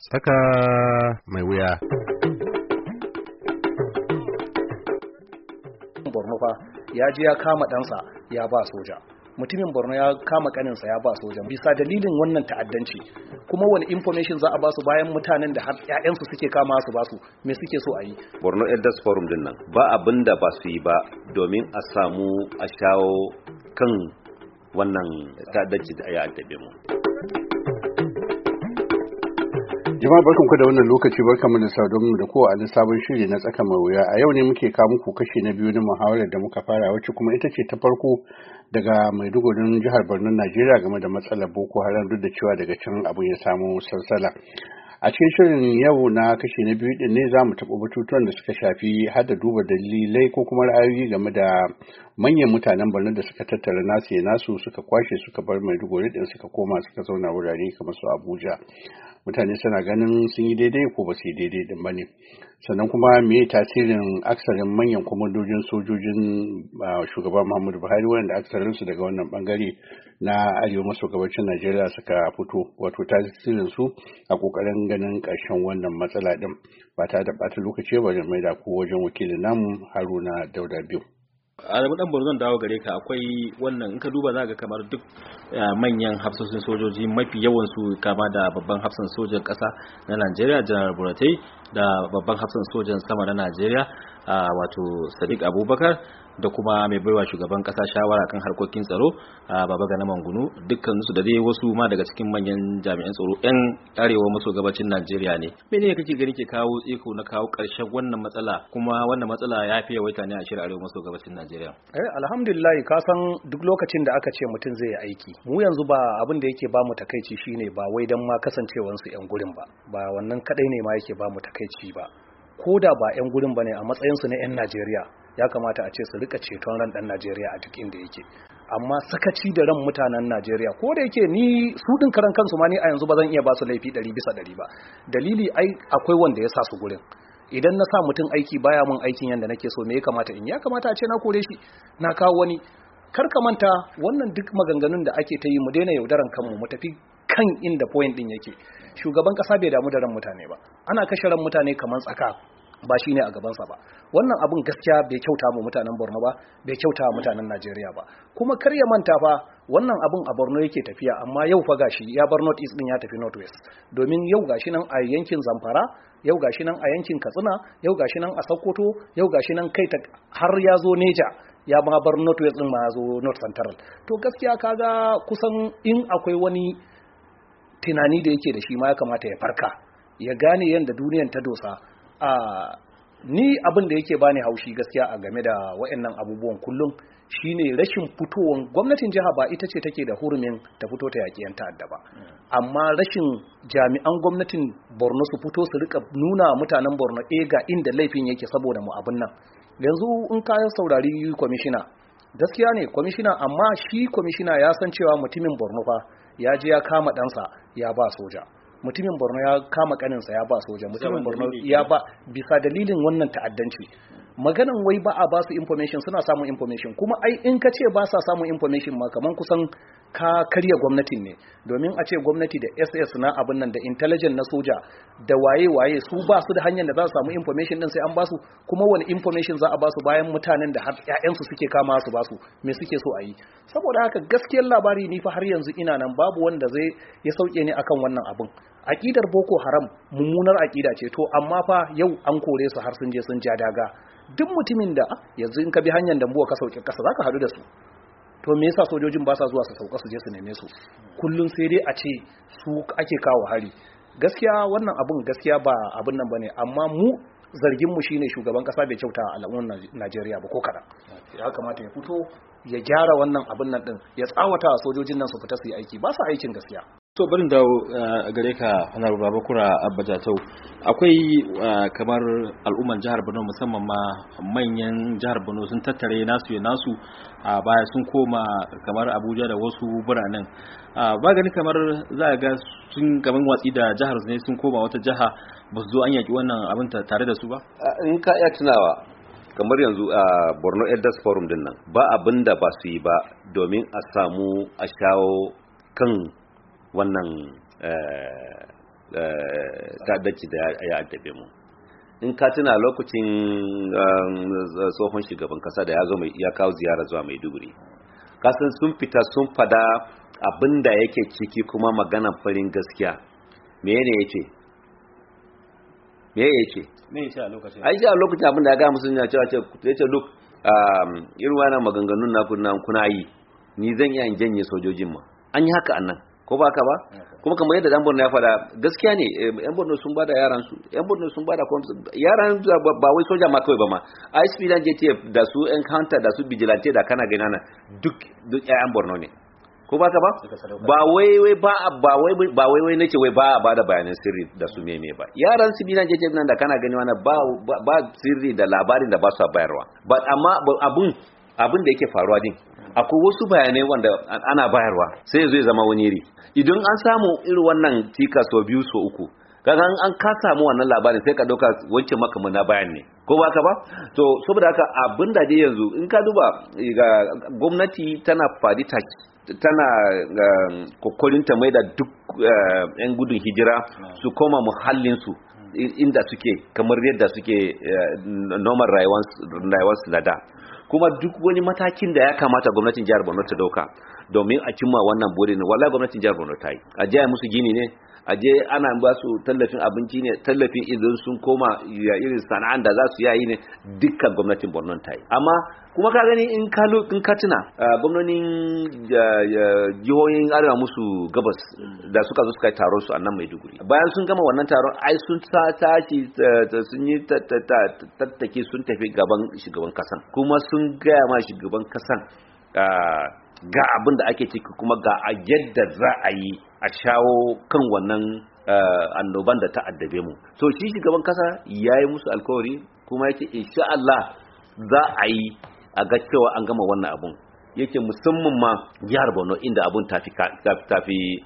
Tsaka mai wuya. Borno fa ya je ya kama ɗansa ya ba soja. Mutumin Borno ya kama kaninsa ya ba soja bisa dalilin wannan ta'addanci. Kuma wani information za a ba su bayan mutanen da har ƴaƴansu suke kama su ba su me suke so a yi. Borno Elders Forum din nan ba abin da ba su yi ba domin a samu a shawo kan wannan ta'addanci da ya addabe mu. Jama'a barkan ku da wannan lokaci barkan mu da saudon mu da ko a sabon shiri na tsaka mai wuya. A yau ne muke kawo muku kashi na biyu na muhawarar da muka fara wacce kuma ita ce ta farko daga maidugurin jihar Borno Najeriya game da matsalar Boko Haram duk da cewa daga can abun ya samu sarsala a cikin shirin yau na kashi na biyu din ne za mu taɓa batutuwan da suka shafi da duba dalilai ko kuma ra'ayoyi game da manyan mutanen birnin da suka tattara nasu ya nasu suka kwashe suka bar maiduguri din suka koma suka zauna wurare kamar su abuja mutane suna ganin sun yi daidai ko ba su yi daidai din ba ne sannan kuma me tasirin aksarin manyan kwamandojin sojojin shugaban muhammadu buhari wanda aksarin su daga wannan bangare na arewa maso gabacin najeriya suka fito wato tasirin su a kokarin ganin karshen wannan matsala din ba ta da bata lokaci ba da mai da ko wajen wakilin namu haruna dauda biyu adamu dan burzon zan dawo gare ka akwai wannan in ka duba za ga kamar duk eh, manyan hafsoshin sojoji mafi yawan su kama da babban hafsan sojan kasa na Najeriya General Buratai da babban hafsan sojan sama na Najeriya wato sadiq abubakar da kuma mai baiwa shugaban kasa shawara kan harkokin tsaro a baba gana mangunu dukkan su da dai wasu ma daga cikin manyan jami'an tsaro yan arewa maso gabacin najeriya ne mene ne kake gani ke kawo tsiko na kawo karshen wannan matsala kuma wannan matsala ya fi yawaita ne a shirin arewa maso gabacin najeriya eh alhamdulillah ka san duk lokacin da aka ce mutum zai yi aiki mu yanzu ba abin da yake ba mu takaici shine ba wai dan ma kasancewansu yan gurin ba ba wannan kadai ne ma yake ba mu takaici ba ko da ba 'yan gurin ba ne a matsayinsu na 'yan najeriya ya kamata a ce su rika ceton ran dan najeriya a duk inda yake amma sakaci da ran mutanen najeriya ko da yake ni su din karan kansu ma ni a yanzu ba zan iya ba su laifi ɗari bisa ɗari ba dalili ai akwai wanda ya sa su gurin idan na sa mutum aiki baya mun aikin yanda nake so me ya kamata in ya kamata a ce na kore shi na kawo wani kar ka manta wannan duk maganganun da ake ta yi mu daina yaudaran kanmu mu tafi kan inda point din yake shugaban kasa bai damu da ran mutane ba ana kashe ran mutane kamar tsaka ba shi ne a gabansa ba wannan abin gaskiya bai kyauta mu mutanen borno ba bai kyauta wa mutanen najeriya ba kuma kar ya manta fa wannan abin a borno yake tafiya amma yau fa gashi ya bar north east din ya tafi north west domin yau gashi nan a yankin zamfara yau gashi nan a yankin katsina yau gashi nan a sokoto yau gashi nan kai ta har ya zo neja ya ma bar north west din ma zo north central to gaskiya kaga kusan in akwai wani tunani da yake da shi ma ya kamata ya farka ya gane yadda duniyan ta dosa ni abin da yake bani haushi gaskiya a game da waɗannan abubuwan kullum shine rashin fitowar gwamnatin jiha ba ita ce take da hurumin ta fito ta yaki yan ta'adda ba amma rashin jami'an gwamnatin borno su fito su rika nuna mutanen borno e ga inda laifin yake saboda mu abin nan yanzu in kayan saurari kwamishina gaskiya ne kwamishina amma shi kwamishina ya san cewa mutumin borno fa ya je ya kama ɗansa ya ba soja mutumin borno ya kama kaninsa ya ba soja mutumin borno ya ba bisa dalilin wannan ta'addanci maganan wai ba a ba su information suna samun information kuma ai in ka ce ba sa samun information ma kaman kusan ka karya gwamnatin ne domin a ce gwamnati da ss na abin nan da intelligence na soja da waye-waye su ba su da hanyar da za su samu information din sai an basu kuma wani information za a basu bayan mutanen da har su suke kama su basu me suke so a yi saboda haka gaskiyar labari ni fa har yanzu ina nan babu wanda zai ya sauke ni akan wannan abin aƙidar boko haram mummunar aƙida ce to amma fa yau an kore su har sun je sun ja daga duk mutumin da yanzu in ka bi hanyar da ka sauke kasa zaka hadu da su to me yasa sojojin ba sa zuwa su sauka su je su neme su kullum sai dai a ce su ake kawo hari gaskiya wannan abun gaskiya ba abun nan bane amma mu zargin mu shine shugaban kasa bai kyauta a al'ummar Najeriya ba ko kada ya kamata ya fito ya gyara wannan abun nan din ya tsawata sojojin nan su fita su yi aiki ba su aikin gaskiya to barin dawo eh, gare ka honar babakura abba jatau akwai eh, kamar al'umman jihar borno musamman ma manyan jihar borno sun tattare nasu ya nasu a baya sun koma kamar abuja da wasu biranen ba gani kamar za a ga sun gaban watsi da jihar ne sun koma wata jiha ba su zo an yaki wannan abin tare da su ba in ka iya tunawa kamar yanzu a borno elders forum din nan ba abin da ba su yi ba domin a samu a shawo kan wannan eh, eh, ta'addanci da ya addabe mu in ka tuna lokacin um, tsohon shugaban kasa da ya zo ya kawo ziyara zuwa maiduguri kasan sun fita sun fada abin da yake ciki kuma maganan farin gaskiya Me ya ce me ya ce me ya ce a lokacin ai a lokacin abin da ya ga musu ya cewa ce ya ce look um, irin wannan maganganun na kuna yi ni zan iya janye sojojin ma an yi haka annan ko ba ka ba kuma kamar yadda dan Borno ya fada gaskiya ne yan eh, Borno sun bada yaran su yan Borno sun bada yaran ba wai soja ma kawai ba ma ISP dan JTF da su encounter da su vigilante da kana gina nan duk duk yan Borno ne ko ba ka ba ba wai wai ba ba wai ba wai wai nace wai ba a bada bayanan sirri da su meme ba yaran su bidan JTF nan da kana gani wannan ba ba sirri da labarin da ba su bayarwa ba amma abun abin da yake faruwa din akwai wasu bayanai wanda ana bayarwa sai zai zama wani iri idan an samu irin wannan tika so biyu so uku kaga an ka samu wannan labarin sai ka dauka wancan maka na bayan ne ko ba ka ba to saboda haka abin da dai yanzu in ka duba ga gwamnati tana fadi taki tana eh, kokarin ta da duk eh, yan gudun hijira su koma muhallin su inda suke kamar yadda suke eh, normal rayuwarsu lada kuma duk wani matakin da ya kamata gwamnatin jihar borno ta dauka domin a cimma wannan burin wallahi gwamnatin jihar borno ta yi a jiya musu gini ne aje ana ba su tallafin abinci ne tallafi idan sun koma ya irin sana'an da za su yayi ne dukkan gwamnatin Borno ta yi amma kuma ka gani in ka in ka tuna gwamnonin jihohin arewa musu gabas da suka zo suka yi taron su a nan Maiduguri bayan sun gama wannan taron ai sun tashi sun yi tattake sun tafi gaban shugaban kasan kuma sun gaya ma shugaban kasan ga abin da ake ciki kuma ga yadda za a yi a shawo kan wannan eh, annoban da ta addabe mu so shi shugaban kasa ya yi musu alkawari kuma yake insha Allah za a yi a ga cewa an gama wannan abun yake musamman ma jihar Borno inda abun tafi tafi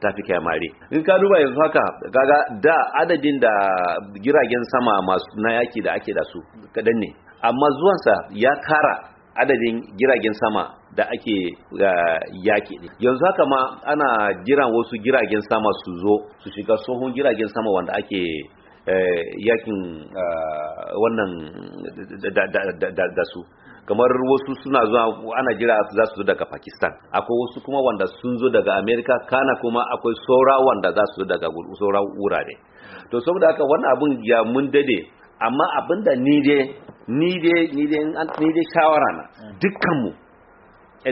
tafi kyamare in ka duba yanzu haka kaga da adadin da giragen sama masu na yaki da ake da su kadan ne amma zuwansa ya kara adadin jiragen sama da ake yaki ne yanzu haka ma ana jiran wasu jiragen sama su zo su shiga tsohon jiragen sama wanda ake eh, yakin eh, wannan da su kamar wasu suna zuwa ana jira za su zo daga pakistan akwai wasu kuma wanda sun zo daga Amerika, kana kuma akwai saura wanda za su zo daga saura wurare to saboda haka wannan abun ya mun dade amma abinda ni ni dai ni dai ni dai shawara na mm. dukkan mu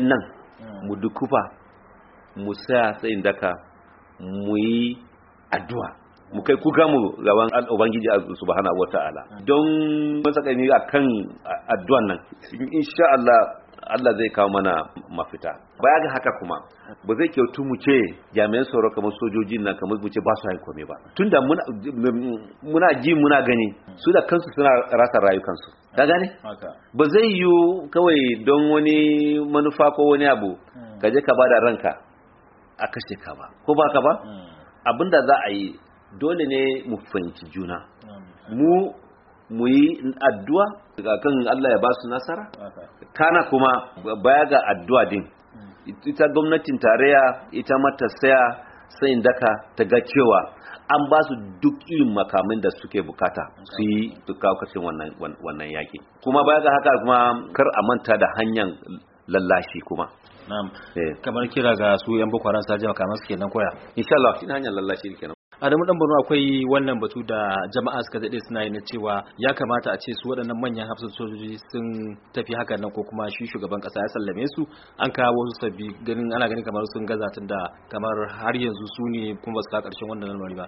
nan mm. mu dukufa mu sa sai daka mu yi addu'a mu kai kuka mu gaban ubangiji subhanahu wataala mm. don mun saka ni akan addu'an nan insha Allah Allah zai kawo mana mafita baya ga haka kuma ba zai kyautu mu ce jami'an tsaro kamar sojoji na kamar mu ce ba su yin komai ba tunda muna muna ji muna gani su da kansu suna rasa rayukansu ka gane ba zai yiwu kawai don wani manufa ko wani abu ka je ka bada ranka a kashe ka ba ko ba ka ba hmm. abinda za a yi dole ne mu fahimci juna hmm. mu mu yi addu'a kan Allah ya ba su nasara kana kuma baya ga addu'a din mm. ita gwamnatin tarayya ita mata saya sai daka ta ga cewa an ba su duk irin makamin da suke bukata su yi kawo wannan yaƙi. kuma baya ga haka kuma kar a manta da hanyar lallashi kuma eh. kamar kira ga su yan bukwaran haram kamar su kenan koya insha Allah shi hanyar lallashi kenan Adamu dan Borno akwai wannan batu da jama'a suka daɗe suna yin cewa ya kamata a ce su waɗannan manyan hafsan sojoji sun tafi haka nan ko kuma shi shugaban kasa ya sallame su an kawo wasu sabbi ganin ana ganin kamar sun gaza tun da kamar har yanzu su ne kuma ba su ka karshen wannan lamari ba.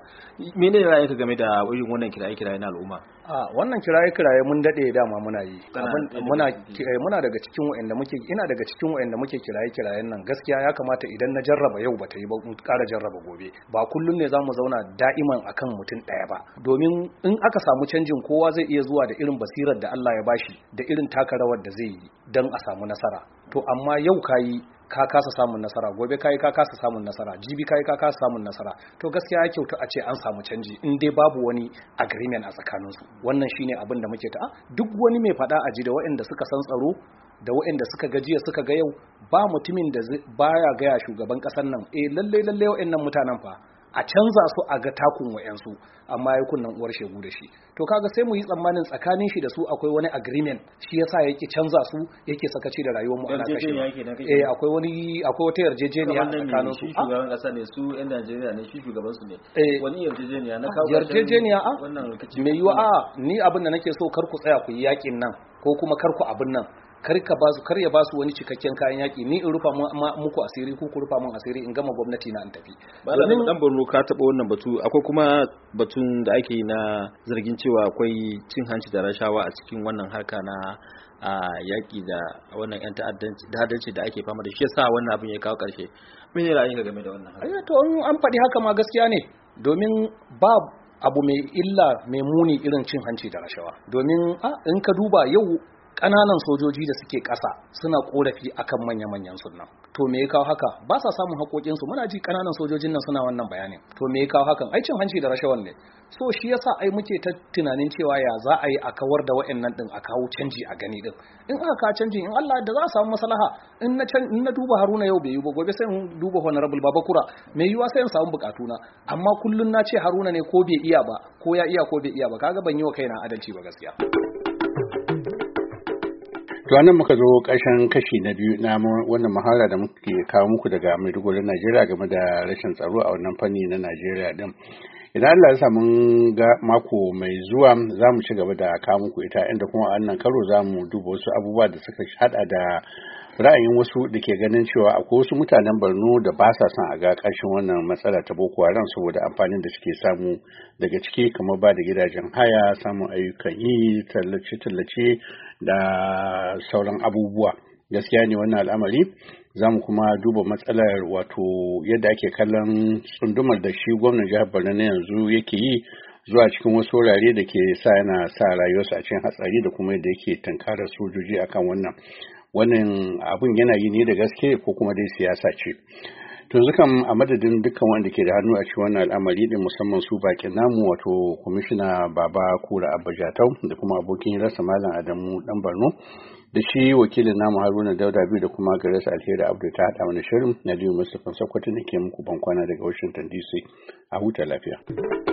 Menene ra'ayinka game da irin wannan kiraye-kiraye na al'umma? a wannan kiraye kiraye mun dade dama muna yi eh, muna daga cikin wa'anda muke ina daga cikin wa'anda muke kiraye kirayen nan gaskiya ya kamata idan na jarraba yau bata yi ba ƙara jarraba gobe ba kullum ne za mu zauna da'iman a kan mutum ɗaya ba domin in aka samu canjin kowa zai iya zuwa da irin basirar da Allah ya bashi da irin taka rawar da zai yi don a samu nasara to amma yau kayi ka kasa samun nasara gobe kai ka kasa samun nasara jibi kai ka kasa samun nasara to gaskiya ya kyautu a ce an samu canji in dai babu wani agreement a tsakaninsu wannan shine abin da muke ta ah, duk wani mai fada a ji da waɗanda suka san tsaro da waɗanda suka ga jiya suka ga yau ba mutumin da baya gaya shugaban ƙasar nan eh lalle lalle waɗannan mutanen fa a canza su a ga takun wa'yansu amma ya kunnan uwar shegu da shi to kaga sai mu yi tsammanin tsakanin shi da su akwai wani agreement shi yasa yake canza su yake sakaci da rayuwar mu ana kashe eh akwai wani akwai wata yarjejeniya tsakanin su shugaban kasa ne su yan Najeriya ne shi shugaban su ne eh. wani yarjejeniya na kawo yarjejeniya a ah. wannan rikici me yiwa a ah, ni abin da nake so kar ku tsaya ku yi yakin nan ko kuma kar ku abin nan kar ka ba su kar ya ba su wani cikakken kayan yaki ni in rufa muku asiri ku ku rufa mun asiri in gama gwamnati na an tafi Ba da dan Borno ka taba wannan batu akwai kuma batun da ake na zargin cewa akwai cin hanci da rashawa a cikin wannan harka na a yaki da wannan yan ta'addanci da ake fama da shi yasa wannan abin ya kawo karshe me ne ra'ayin game da wannan harka to an faɗi haka ma gaskiya ne domin ba abu mai illa mai muni irin cin hanci da rashawa domin in ka duba yau kananan sojoji da suke ƙasa suna korafi akan manya-manyan sunan to me ya kawo haka ba sa samun haƙoƙin su muna ji kananan sojojin nan suna wannan bayanin to me ya kawo hakan ai cin hanci da rashawan ne so shi yasa ai muke ta tunanin cewa ya za a yi a kawar da wa'annan din a kawo canji a gani din in aka kawo canji in Allah da za a samu maslaha in na can in na duba Haruna yau bai yi ba gobe sai in duba Honorable Babakura me yiwa sai in samu bukatu na. amma kullun na ce Haruna ne ko bai iya ba ko ya iya ko bai iya ba kaga ban yi wa kaina adalci ba gaskiya To nan muka zo ƙarshen kashi na biyu na wannan muhawara da muke kawo muku daga Maiduguri Najeriya game da rashin tsaro a wannan fanni na Najeriya din. Idan Allah ya samu ga mako mai zuwa za mu ci gaba da kawo muku ita inda kuma a wannan karo za mu duba wasu abubuwa da suka hada da ra'ayin wasu da ke ganin cewa akwai wasu mutanen barno da ba sa son a ga ƙarshen wannan matsala ta Boko Haram saboda amfanin da suke samu daga ciki kamar ba da gidajen haya, samun ayyukan yi, tallace-tallace da sauran abubuwa. Gaskiya ne wannan al'amari za mu kuma duba matsalar wato yadda ake kallon tsundumar da shi gwamnan jihar Borno na yanzu yake yi zuwa cikin wasu wurare da ke sa yana sa rayuwarsu a cikin hatsari da kuma yadda yake tankarar sojoji akan wannan wannan abun yana yi ne da gaske ko kuma dai siyasa ce to zukan a madadin dukkan wanda ke da hannu a cikin wannan al'amari din musamman su bakin namu wato kwamishina baba kura abajatau da kuma abokin rasa malam adamu dan barno da shi wakilin namu haruna dauda biyu da kuma garesa alheri abdu ta haɗa mana shirin na mustapha sokoto ne ke muku bankwana daga washington dc a huta lafiya.